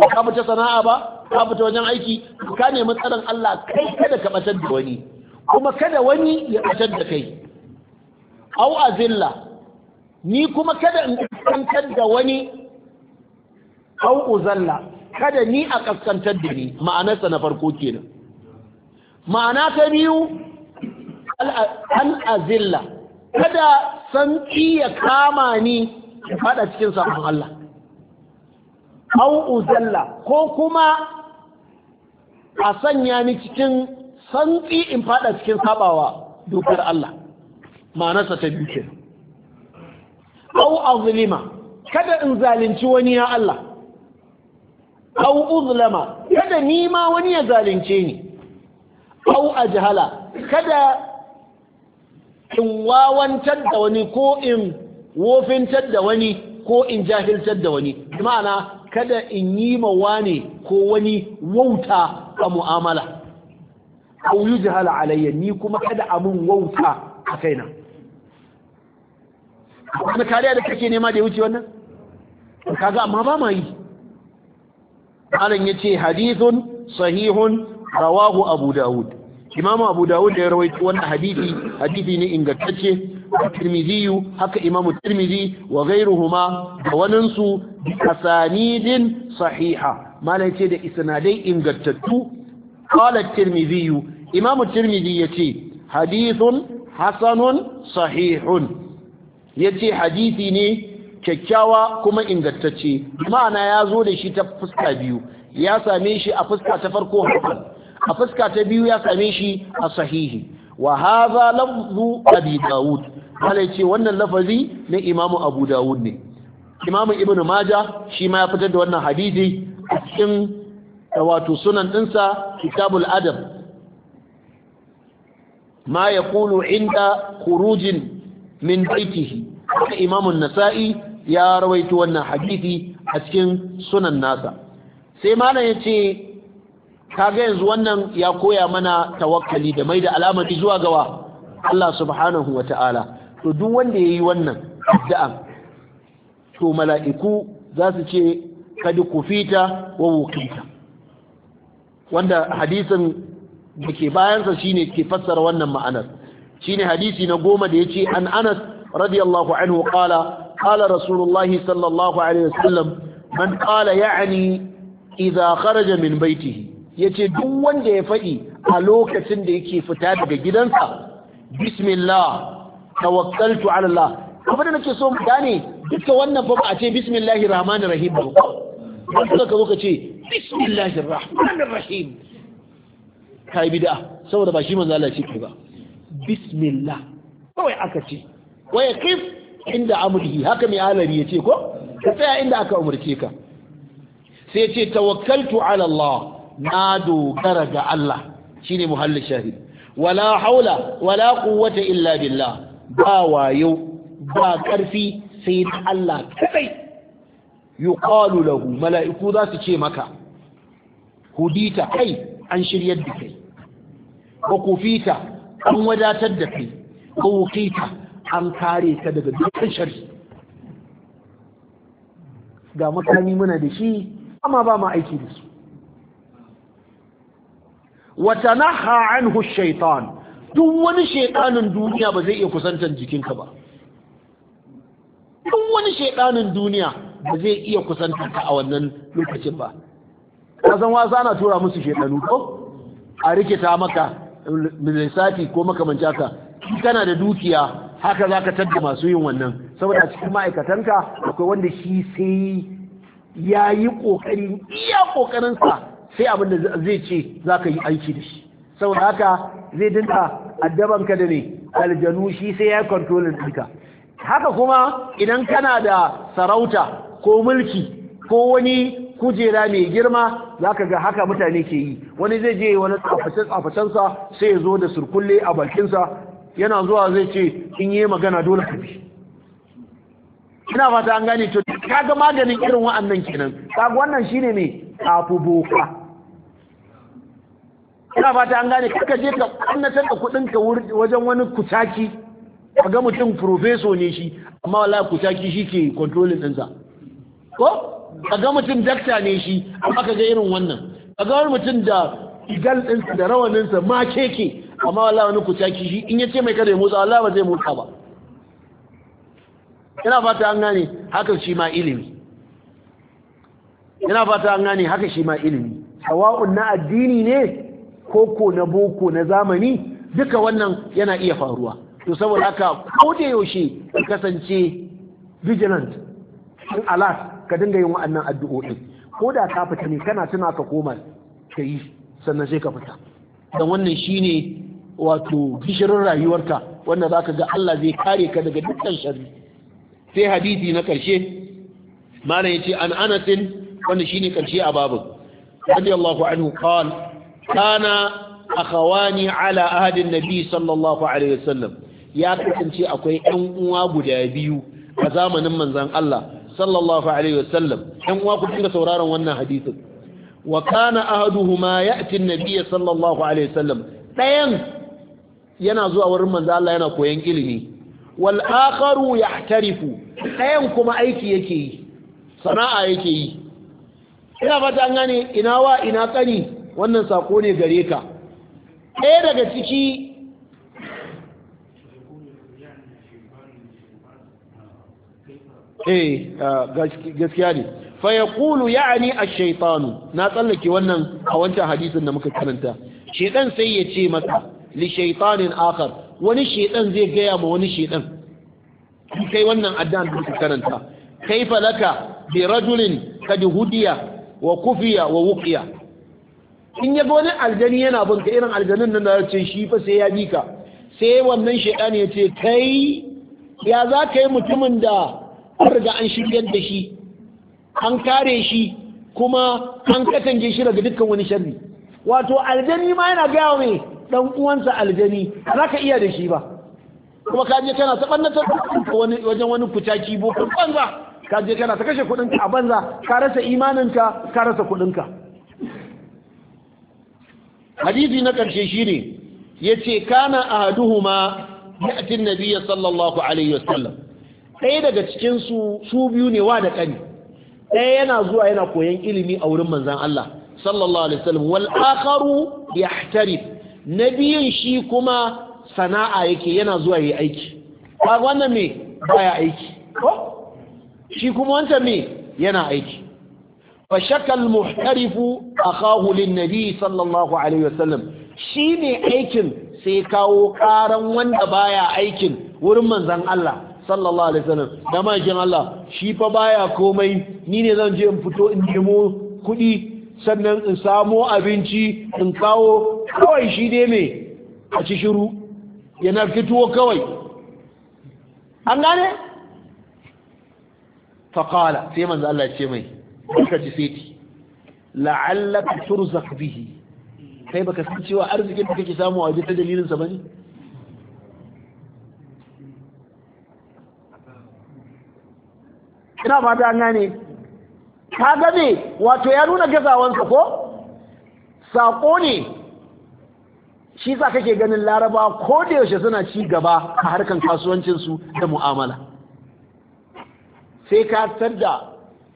ba ka fita sana'a ba ka fita wajen aiki ka nemi tsaron Allah kai kada ka batar da wani kuma kada wani ya batar da kai au azilla ni kuma kada in kaskantar da wani au uzalla kada ni a kaskantar da ni ma'anarsa na farko kenan ma'ana ta biyu an azilla kada santsi ya kama ni ya fada cikin sabon Allah au uzalla ko kuma a sanya ni cikin santsi in fada cikin sabawa dokar Allah manasa ta duke. au azlima kada in zalunci wani ya Allah au uzlama kada ni ma wani ya zalunce ni au ajhala kada in wawantar da wani ko in wofintar da wani ko in jahiltar da wani ma'ana kada in yi ma wane ko wani wauta a mu'amala A yi jihala alayya ni kuma kada amin wauta a kaina wani kariya da kake nema da ya wuce wannan kaga amma ba ma yi malam ce hadithun sahihun rawahu abu dawud imam abu dawud ya rawaito wannan hadisi hadisi ne ingantacce tirmizi haka imam tirmizi wa ghayruhuma da wanansu bi asanidin sahiha malai ce da isnadai ingantattu qala tirmizi imamu tirmizi yace hadithun hasanun sahihun yace hadisi ne kyakkyawa kuma ingantacce ma'ana ya zo da shi ta fuska biyu ya same shi a fuska ta farko hakan a fuska ta biyu ya same shi a sahihi wa hadha lafzu abi daud wala ce wannan lafazi na imamu abu daud ne imamu ibnu maja shi ma ya fitar da wannan hadisi a cikin wato sunan dinsa kitabul adab ma yaqulu inda khurujin min baitihi imamu nasai ya rawaito wannan hadisi a cikin sunan nasa sai malam yace kaga yanzu wannan ya koya mana tawakkali da mai da alamari zuwa gawa Allah subhanahu wa ta'ala to duk wanda ya yi wannan da'an to mala'iku za su ce kadi kufita wa wukita wanda hadisin da ke bayansa shine ke fassara wannan ma'anar shine hadisi na goma da ya ce an anas radiyallahu anhu qala qala rasulullahi sallallahu alaihi wasallam man qala ya'ani idza kharaja min baitihi ya ce duk wanda ya faɗi a lokacin da yake fita daga gidansa bismillah tawakkaltu ala Allah abin da nake so mu gane duka wannan fa ba a ce bismillahir rahmanir rahim ba don suka zo ka ce bismillahir rahmanir rahim kai bid'a saboda ba shi manzo Allah ce ba bismillah kawai aka ce wa yaqif inda amrihi haka mai alari ce ko ka tsaya inda aka umurce ka sai ce tawakkaltu ala Allah na dogara ga Allah shine muhallin shahid wala haula wala quwwata illa billah ba wayo ba karfi sai na Allah kadai yuqalu lahu mala'iku za su ce maka hudita kai an shiryar da kai wa kufita an wadatar da kai wa wukita an kare ka daga dukkan sharri ga makami muna da shi amma ba mu aiki da su wa tanaha anhu shaitan duk wani shaitanin duniya ba zai iya kusantar jikinka ba duk wani shaitanin duniya ba zai iya kusantar ka a wannan lokacin ba kasan wasa ana tura musu shaitanu ko a rikita maka lissafi ko makamanci haka kana da dukiya haka za ka tadda masu yin wannan saboda cikin ma'aikatanka akwai wanda shi sai ya yi ƙoƙarin iya ƙoƙarinsa sai abin da zai ce za ka yi aiki da shi Sau da haka zai dinka addabanka da ne aljanu shi sai ya yi kontrolin ɗinka haka kuma idan kana da sarauta ko mulki ko wani kujera mai girma za ka ga haka mutane ke yi wani zai je wani tsafacensa sai ya zo da surkulle a bakinsa yana zuwa zai ce in yi magana dole ka ina fata an gane to kaga maganin irin wa'annan kenan kaga wannan shine ne afu boka ina fata an gane kaka je ka annatar da kudin ka wajen wani kutaki ga mutum profeso ne shi amma wala kutaki shi ke kontrolin ɗinsa ko ga mutum dakta ne shi amma ka ga irin wannan ga wani mutum da igal ɗinsa da rawaninsa ma keke amma wala wani kutaki shi in ya ce mai kada ya motsa wala ba zai motsa ba ina fata an gane hakan shi ma ilimi ina fata an gane haka shi ma ilimi sawa'un na addini ne koko na boko na zamani duka wannan yana iya faruwa to saboda haka ko da yaushe kasance vigilant in alert ka dinga yin wa'annan addu'o'i ko da ka fita ne kana tuna ka koma ka yi sannan sai ka fita dan wannan shine wato gishirin rayuwarka wanda zaka ga Allah zai kare ka daga dukkan sharri sai hadisi na karshe malam yace an anasin wanda shine karshe a babu radiyallahu anhu qala kana Akawani ala ahadin nabi sallallahu alaihi wasallam ya kasance akwai ɗan uwa guda biyu a zamanin manzon Allah sallallahu alaihi wasallam ɗan uwa ku dinga sauraron wannan hadisin wa Ahadu ahaduhuma ya'ti an sallallahu alaihi wasallam ɗayan yana zuwa wurin manzon Allah yana koyon ilimi wal akharu yahtarifu ɗayan kuma aiki yake yi sana'a yake yi ina fata ina wa ina kani wannan sako ne gare ka ɗaya daga ciki eh gaskiya ne fayakulu ya'ani a shaitanu. na tsallake wannan a wancan hadisin da muka karanta shedan sai ya ce masa li shaitanin akhar wani shedan zai gaya ma wani shedan kai wannan addan da muka karanta Kai Falaka, bi rajulin kad hudiya wa kufiya wa wuqiya in ya ga wani aljani yana bin ka irin aljanin nan da ce shi fa sai ya bi ka sai wannan shaitani ya ce kai ya za ka yi mutumin da an riga an shiryar da shi an kare shi kuma an katange shi daga dukkan wani sharri wato aljani ma yana gaya mai dan uwansa aljani za ka iya da shi ba kuma ka je kana ta wani wajen wani kucaci bokan banza ka je kana ta kashe kuɗinka a banza ka rasa imaninka ka rasa kuɗinka. hadisi na ƙarshe shine yace kana ahaduhuma ya'ti an sallallahu alaihi wasallam ɗaya daga cikin su su biyu ne wa da ƙani ɗaya yana zuwa yana koyan ilimi a wurin manzon Allah sallallahu alaihi wasallam wal akharu yahtarif nabiyin shi kuma sana'a yake yana zuwa yi aiki ba wannan me baya aiki shi kuma wanta me yana aiki fashakal muhtarifu akahu linnabi sallallahu alaihi wasallam shine aikin sai kawo karan wanda baya aikin wurin manzan Allah sallallahu alaihi wasallam da Allah shi fa baya komai ni ne zan je in fito in nemo kuɗi sannan in samo abinci in kawo kawai shi dai me a ci shiru yana fito kawai an gane sai Allah ce mai Ka ji seti la'allaka turzak bihi kai baka san cewa arzikin da kake samu a waje ta dalilin sa bane ina fata an gane ka gane wato ya nuna gazawansa ko sako ne shi sa kake ganin laraba ko da yaushe suna ci gaba a harkan kasuwancinsu da mu'amala sai ka da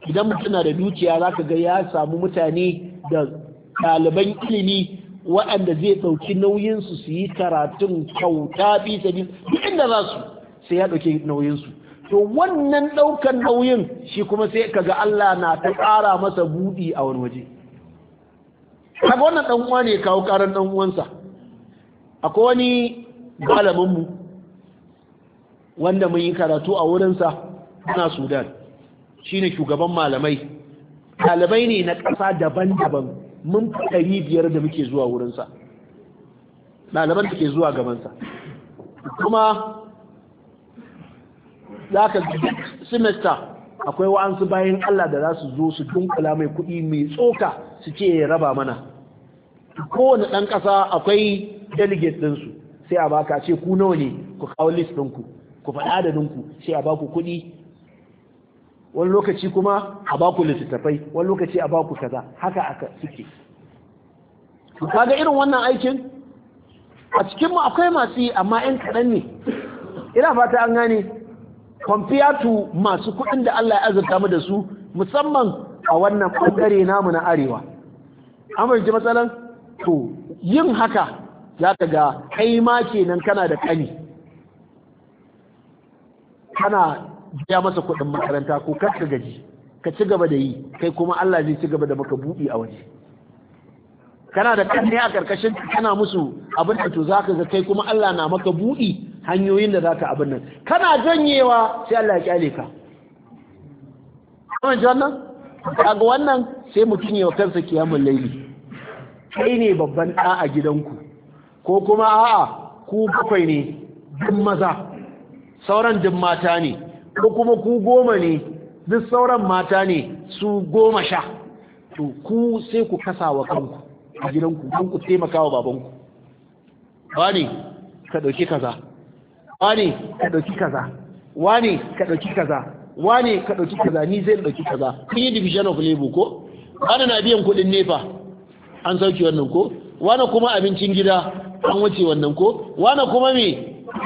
idan mutum na da dukiya za ka ga ya samu mutane da ɗaliban ilimi waɗanda zai ɗauki nauyinsu su yi karatun kyauta fi Duk inda za su sai ya ɗauki nauyinsu to wannan ɗaukan nauyin shi kuma sai ka ga Allah na ta ƙara masa buɗi a wani waje kaga wannan ɗan uwa ne kawo ƙaran ɗan uwansa akwai wani malaminmu wanda mun yi karatu a wurinsa ana Sudan shine shugaban malamai ɗalibai ne na ƙasa daban-daban mun ɗari biyar da muke zuwa wurinsa ɗaliban da ke zuwa gabansa kuma za ka akwai wa'ansu bayan Allah da za su zo su dunkula mai kuɗi mai tsoka su ce ya raba mana kowane ɗan ƙasa akwai delegate ɗinsu sai a baka ce ku nawa ne ku kawo list ɗinku ku faɗa da ɗinku sai a baku kuɗi wani lokaci kuma a baku littattafai wani lokaci a baku kaza haka aka suke kaga irin wannan aikin a cikin akwai masu yi amma yan kaɗan ne ina fata an gane kwamfiyatu masu kuɗin da Allah ya azurta mu da su musamman a wannan ɓangare namu na arewa amurci matsalan to yin haka za ka ga kai ma kenan kana da kani kana biya masa kuɗin makaranta ko kar ka gaji ka ci gaba da yi kai kuma Allah zai ci gaba da maka buɗi a waje kana da kanne a karkashin kana musu abin da to zaka ga kai kuma Allah na maka buɗi hanyoyin da zaka abin nan kana janyewa sai Allah ya kyale ka kana ji kaga wannan sai mutum ya kansa kiyamul laili kai ne babban da a gidanku ko kuma a'a ku bakwai ne duk maza sauran duk mata ne ko kuma ku goma ne duk sauran mata ne su goma sha to ku sai ku kasa wa kanku a gidanku don ku taimaka wa babanku wani ka ɗauki kaza wani ka ɗauki kaza wani ka ɗauki kaza wani ka ɗauki kaza ni zai ɗauki kaza kun yi division of labor ko wani na biyan kuɗin nefa an sauki wannan ko wani kuma abincin gida an wuce wannan ko wani kuma me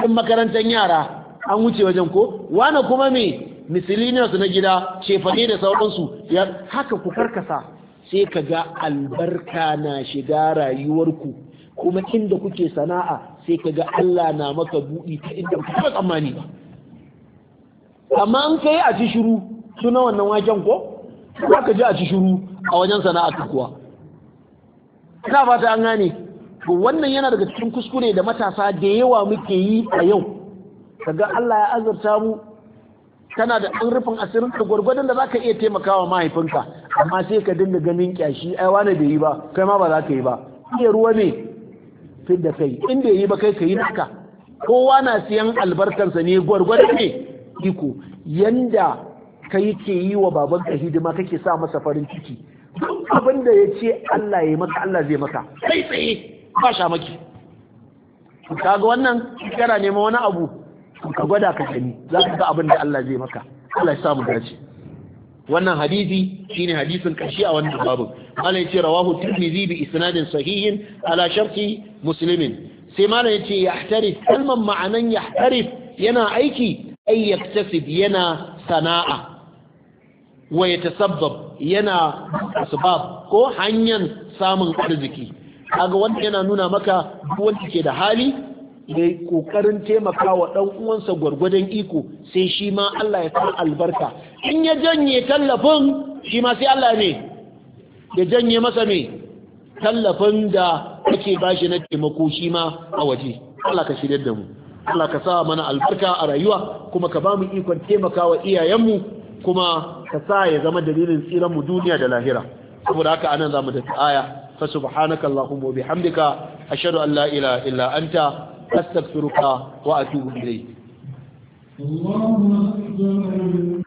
in makarantar yara an wuce wajen ko wani kuma mai misiliniyarsu na gida cefane da sauransu ya haka ku karkasa sai ka ga albarka na shiga rayuwarku kuma inda kuke sana'a sai ka ga Allah na maka buɗi ta inda ku kuma tsammani ba amma an kai a ci shiru suna wannan waken ko za ka ji a ci shiru a wajen sana'a kuwa ina fata an gane wannan yana daga cikin kuskure da matasa da yawa muke yi a yau kaga Allah ya azurta mu kana da ɗan rufin asirin da gwargwadon da zaka iya taimakawa mahaifinka amma sai ka dinga ganin kyashi ai wane bai yi ba kai ma ba za ka yi ba iya ruwa ne Fidda da kai in bai yi ba kai ka yi naka kowa na siyan albarkansa ne gwargwadon ne iko yanda kai ke yi wa babanka hidima kake sa masa farin ciki duk abin da ya ce Allah ya maka Allah zai maka kai tsaye ba sha maki ga wannan kana neman wani abu ka gwada ka gani za ka ga abin da Allah zai maka Allah ya sa mu dace wannan hadisi shine hadisin kashi a wannan babu malai ce rawahu tirmidhi bi isnadin sahihin ala sharti muslimin sai malai ce yahtarif kalman ma'anan yahtarif yana aiki ay yaktasib yana sana'a wa yatasabbab yana asbab ko hanyar samun arziki kaga wanda yana nuna maka duk wanda ke da hali mai kokarin taimaka wa ɗan uwansa gwargwadon iko sai shi ma Allah ya sa albarka in ya janye tallafin shi ma sai Allah ne ya janye masa mai tallafin da kake bashi na taimako shi ma a waje Allah ka shirya da mu Allah ka sa mana albarka a rayuwa kuma ka ba mu ikon taimaka wa iyayenmu kuma ka sa ya zama dalilin tsiran mu duniya da lahira saboda haka anan zamu da aya fa subhanaka allahumma wa bihamdika ashhadu an la ilaha illa anta أستغفرك وأتوب إليك الله